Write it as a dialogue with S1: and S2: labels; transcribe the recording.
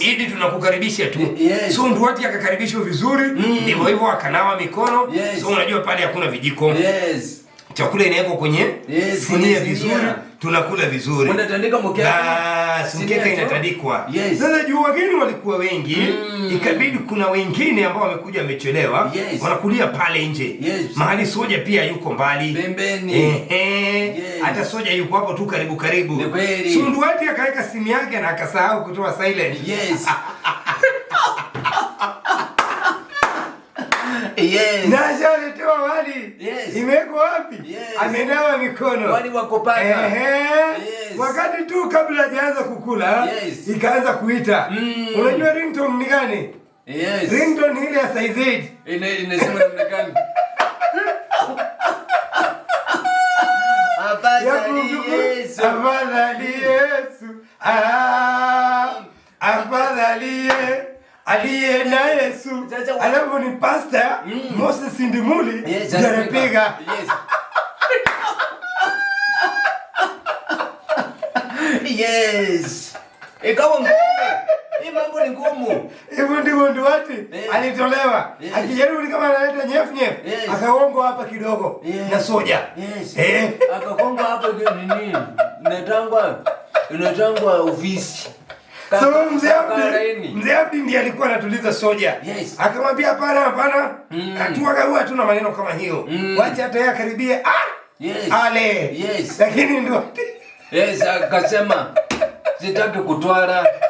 S1: Idi tunakukaribisha tu. Yes. So ndio watu akakaribishwa vizuri, mm. ndivyo mm. hivyo akanawa mikono. Yes. So unajua pale hakuna vijiko. Yes chakula inawekwa kwenye yes, sinia vizuri, tunakula vizuri, mkeka inatandikwa. Sasa yes. Juu wageni walikuwa wengi mm. Ikabidi kuna wengine ambao wamekuja wamechelewa, yes. Wanakulia pale nje yes. Mahali soja pia yuko mbali pembeni, hata yes. Soja yuko hapo tu karibu karibu. sunduati akaweka simu yake na akasahau kutoa silent yes. yes. na ashaletewa wali yes. imeko wapi yes. amenawa mikono wali wako paka yes. wakati tu kabla hajaanza kukula eh, yes. ikaanza kuita mm. unajua ringtone ni gani yes. ringtone ile ya Saizid eh, inasema namna gani afadhali Yesu afadhali Yesu ah, aliye na Yesu alafu ni Pastor mm. Moses Ndimuli jarepiga Yes. Ikawa mgumu. Hii mambo ni ngumu. Hivi ndivyo ndio Nduwati alitolewa. Akijaribu kama analeta nyef nyef, Akaongo hapa kidogo na soja. Yes. Eh, akakongwa hapa nini? Inatangwa inatangwa ofisi. Sasa mzee Abdi ndiye alikuwa anatuliza soja. Yes. Akamwambia hapana hapana. Mm. Atuaga tu na maneno kama hiyo. Mm. Wacha hata yeye akaribie ah. Yes. Ale. Yes. Lakini ndio. Yes, akasema sitaki kutwara